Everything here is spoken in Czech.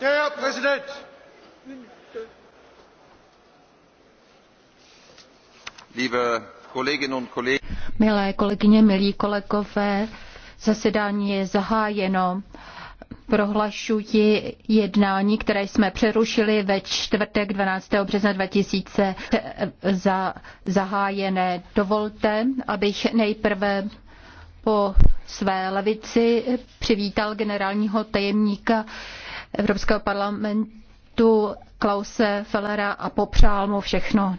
Der Präsident! Liebe Kolleginnen und Kollegen. Milé kolegyně, milí kolegové, zasedání je zahájeno. Prohlašuji jednání, které jsme přerušili ve čtvrtek 12. března 2000 eh, za zahájené. Dovolte, abych nejprve po své levici přivítal generálního tajemníka Evropského parlamentu Klause Fellera a popřál mu všechno